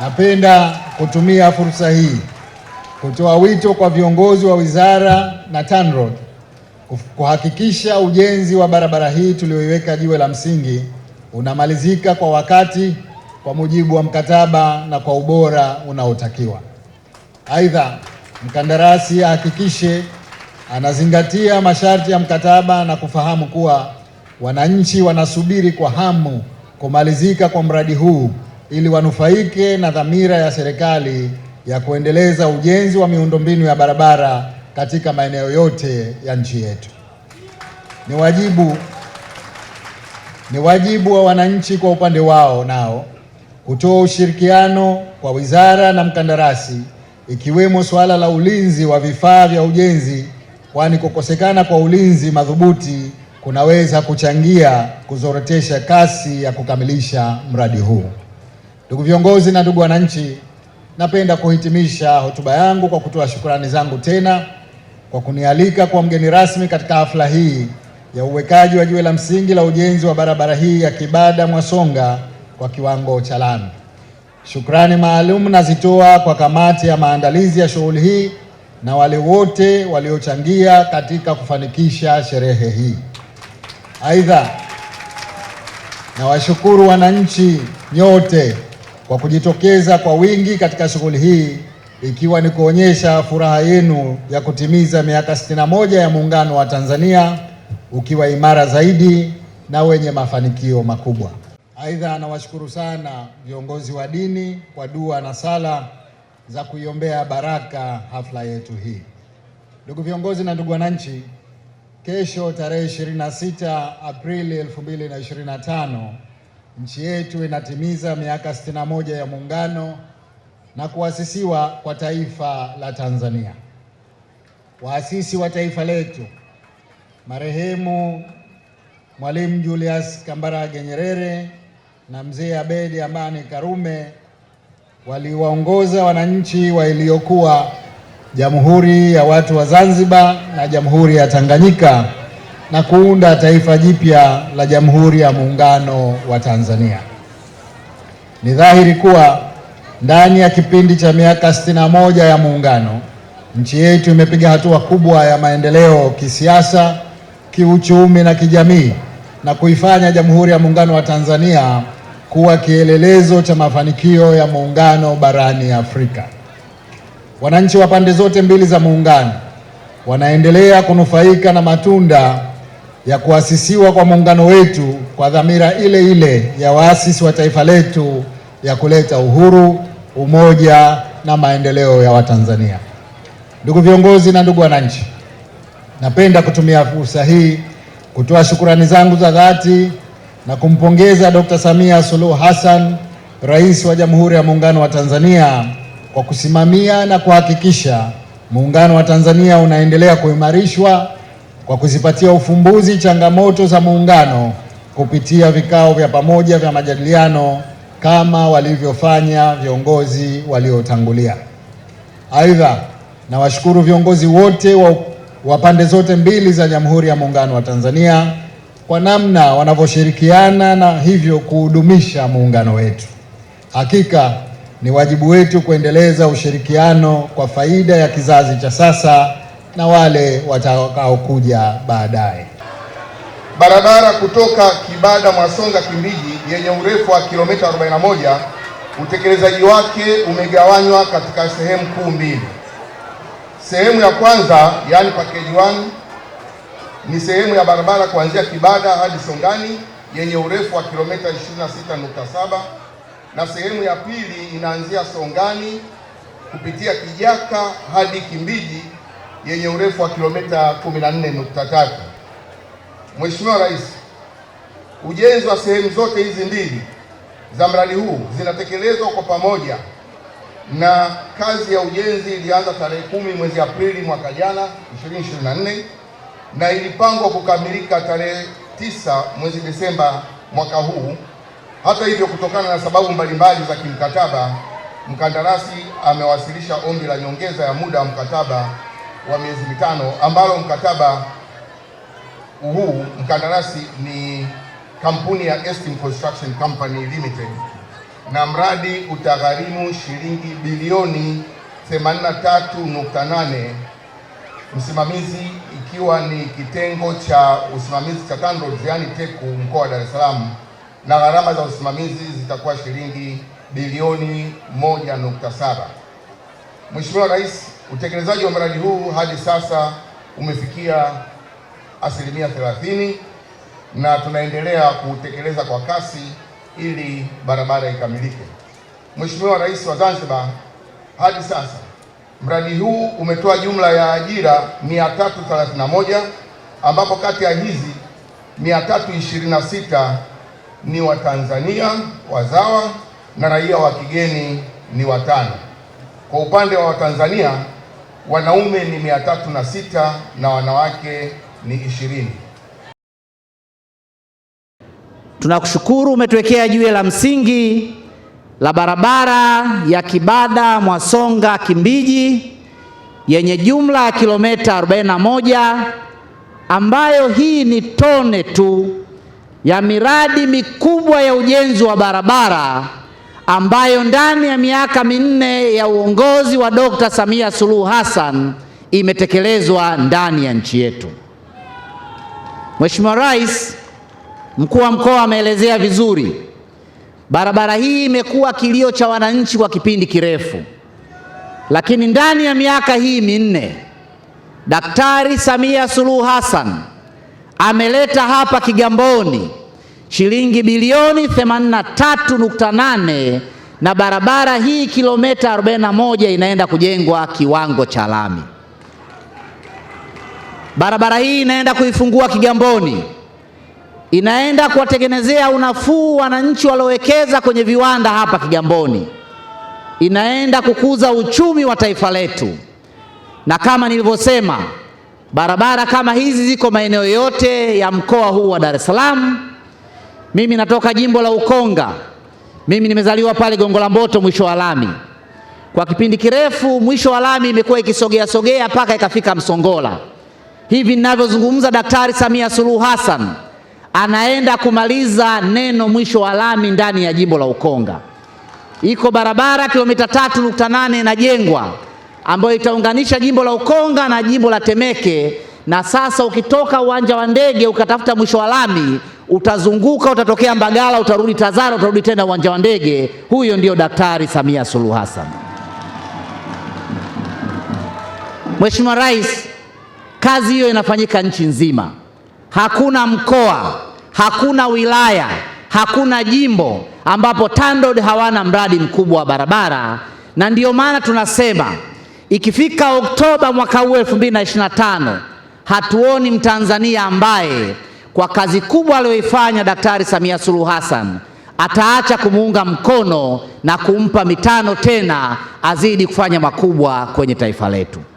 Napenda kutumia fursa hii kutoa wito kwa viongozi wa wizara na TANROAD kuhakikisha ujenzi wa barabara hii tulioiweka jiwe la msingi unamalizika kwa wakati, kwa mujibu wa mkataba na kwa ubora unaotakiwa. Aidha, mkandarasi ahakikishe anazingatia masharti ya mkataba na kufahamu kuwa wananchi wanasubiri kwa hamu kumalizika kwa mradi huu ili wanufaike na dhamira ya serikali ya kuendeleza ujenzi wa miundombinu ya barabara katika maeneo yote ya nchi yetu. Ni wajibu ni wajibu wa wananchi kwa upande wao nao kutoa ushirikiano kwa wizara na mkandarasi, ikiwemo suala la ulinzi wa vifaa vya ujenzi, kwani kukosekana kwa ulinzi madhubuti kunaweza kuchangia kuzorotesha kasi ya kukamilisha mradi huu. Ndugu viongozi na ndugu wananchi, napenda kuhitimisha hotuba yangu kwa kutoa shukrani zangu tena kwa kunialika kwa mgeni rasmi katika hafla hii ya uwekaji wa jiwe la msingi la ujenzi wa barabara hii ya Kibada Mwasonga kwa kiwango cha lami. Shukrani maalum nazitoa kwa kamati ya maandalizi ya shughuli hii na wale wote waliochangia katika kufanikisha sherehe hii. Aidha, nawashukuru wananchi nyote kwa kujitokeza kwa wingi katika shughuli hii ikiwa ni kuonyesha furaha yenu ya kutimiza miaka 61 ya Muungano wa Tanzania ukiwa imara zaidi na wenye mafanikio makubwa. Aidha, nawashukuru sana viongozi wa dini kwa dua na sala za kuiombea baraka hafla yetu hii. Ndugu viongozi na ndugu wananchi, kesho tarehe 26 Aprili 2025 nchi yetu inatimiza miaka 61 ya Muungano na kuasisiwa kwa taifa la Tanzania. Waasisi wa taifa letu marehemu Mwalimu Julius Kambarage Nyerere na Mzee Abedi Amani Karume waliwaongoza wananchi wa iliyokuwa Jamhuri ya Watu wa Zanzibar na Jamhuri ya Tanganyika na kuunda taifa jipya la Jamhuri ya Muungano wa Tanzania. Ni dhahiri kuwa ndani ya kipindi cha miaka sitini na moja ya Muungano, nchi yetu imepiga hatua kubwa ya maendeleo kisiasa, kiuchumi na kijamii na kuifanya Jamhuri ya Muungano wa Tanzania kuwa kielelezo cha mafanikio ya muungano barani Afrika. Wananchi wa pande zote mbili za muungano wanaendelea kunufaika na matunda ya kuasisiwa kwa muungano wetu kwa dhamira ile ile ya waasisi wa taifa letu ya kuleta uhuru, umoja na maendeleo ya Watanzania. Ndugu viongozi na ndugu wananchi, napenda kutumia fursa hii kutoa shukurani zangu za dhati na kumpongeza Dkt. Samia Suluhu Hassan, Rais wa Jamhuri ya Muungano wa Tanzania kwa kusimamia na kuhakikisha muungano wa Tanzania unaendelea kuimarishwa kwa kuzipatia ufumbuzi changamoto za muungano kupitia vikao vya pamoja vya majadiliano kama walivyofanya viongozi waliotangulia. Aidha, nawashukuru viongozi wote wa, wa pande zote mbili za Jamhuri ya Muungano wa Tanzania kwa namna wanavyoshirikiana na hivyo kuhudumisha muungano wetu. Hakika ni wajibu wetu kuendeleza ushirikiano kwa faida ya kizazi cha sasa na wale watakaokuja baadaye. Barabara kutoka Kibada Mwasonga Kimbiji yenye urefu wa kilomita 41 utekelezaji wake umegawanywa katika sehemu kuu mbili. Sehemu ya kwanza yaani package 1 ni sehemu ya barabara kuanzia Kibada hadi Songani yenye urefu wa kilomita 26.7 na sehemu ya pili inaanzia Songani kupitia Kijaka hadi Kimbiji yenye urefu wa kilomita 14.3. Mheshimiwa Rais, ujenzi wa sehemu zote hizi mbili za mradi huu zinatekelezwa kwa pamoja na kazi ya ujenzi ilianza tarehe kumi mwezi Aprili mwaka jana 2024 na ilipangwa kukamilika tarehe tisa mwezi Desemba mwaka huu. Hata hivyo, kutokana na sababu mbalimbali za kimkataba, mkandarasi amewasilisha ombi la nyongeza ya muda wa mkataba wa miezi mitano ambalo mkataba huu mkandarasi ni kampuni ya Estim Construction Company Limited na mradi utagharimu shilingi bilioni 83.8, msimamizi ikiwa ni kitengo cha usimamizi cha TANROADS yani TECU mkoa wa Dar es Salaam, na gharama za usimamizi zitakuwa shilingi bilioni 1.7. Mheshimiwa Rais Utekelezaji wa mradi huu hadi sasa umefikia asilimia 30 na tunaendelea kuutekeleza kwa kasi ili barabara ikamilike. Mheshimiwa Rais wa Zanzibar, hadi sasa mradi huu umetoa jumla ya ajira 331 ambapo kati ya hizi 326 ni Watanzania wazawa na raia wa kigeni ni watano. Kwa upande wa Watanzania wanaume ni mia tatu na sita na wanawake ni ishirini. Tunakushukuru, umetuwekea jiwe la msingi la barabara ya Kibada Mwasonga Kimbiji yenye jumla ya kilomita 41 ambayo hii ni tone tu ya miradi mikubwa ya ujenzi wa barabara ambayo ndani ya miaka minne ya uongozi wa Dkt. Samia Suluhu Hassan imetekelezwa ndani ya nchi yetu. Mheshimiwa Rais, mkuu wa mkoa ameelezea vizuri, barabara hii imekuwa kilio cha wananchi kwa kipindi kirefu, lakini ndani ya miaka hii minne Daktari Samia Suluhu Hassan ameleta hapa Kigamboni shilingi bilioni 83.8 na barabara hii kilomita 41 inaenda kujengwa kiwango cha lami. Barabara hii inaenda kuifungua Kigamboni, inaenda kuwatengenezea unafuu wananchi waliowekeza kwenye viwanda hapa Kigamboni, inaenda kukuza uchumi wa taifa letu. Na kama nilivyosema, barabara kama hizi ziko maeneo yote ya mkoa huu wa Dar es Salaam mimi natoka jimbo la Ukonga, mimi nimezaliwa pale Gongo la Mboto, mwisho wa lami. Kwa kipindi kirefu, mwisho wa lami imekuwa ikisogea sogea mpaka ikafika Msongola. Hivi ninavyozungumza, Daktari Samia Suluhu Hassan anaenda kumaliza neno mwisho wa lami ndani ya jimbo la Ukonga. Iko barabara kilomita tatu nukta nane inajengwa ambayo itaunganisha jimbo la Ukonga na jimbo la Temeke, na sasa ukitoka uwanja wa ndege ukatafuta mwisho wa lami utazunguka, utatokea Mbagala, utarudi Tazara, utarudi tena uwanja wa ndege. Huyo ndio Daktari Samia Suluhu Hassan. Mheshimiwa Rais, kazi hiyo inafanyika nchi nzima. Hakuna mkoa, hakuna wilaya, hakuna jimbo ambapo TANROADS hawana mradi mkubwa wa barabara, na ndiyo maana tunasema ikifika Oktoba mwaka huu 2025 hatuoni Mtanzania ambaye kwa kazi kubwa aliyoifanya Daktari Samia Suluhu Hassan ataacha kumuunga mkono na kumpa mitano tena azidi kufanya makubwa kwenye taifa letu.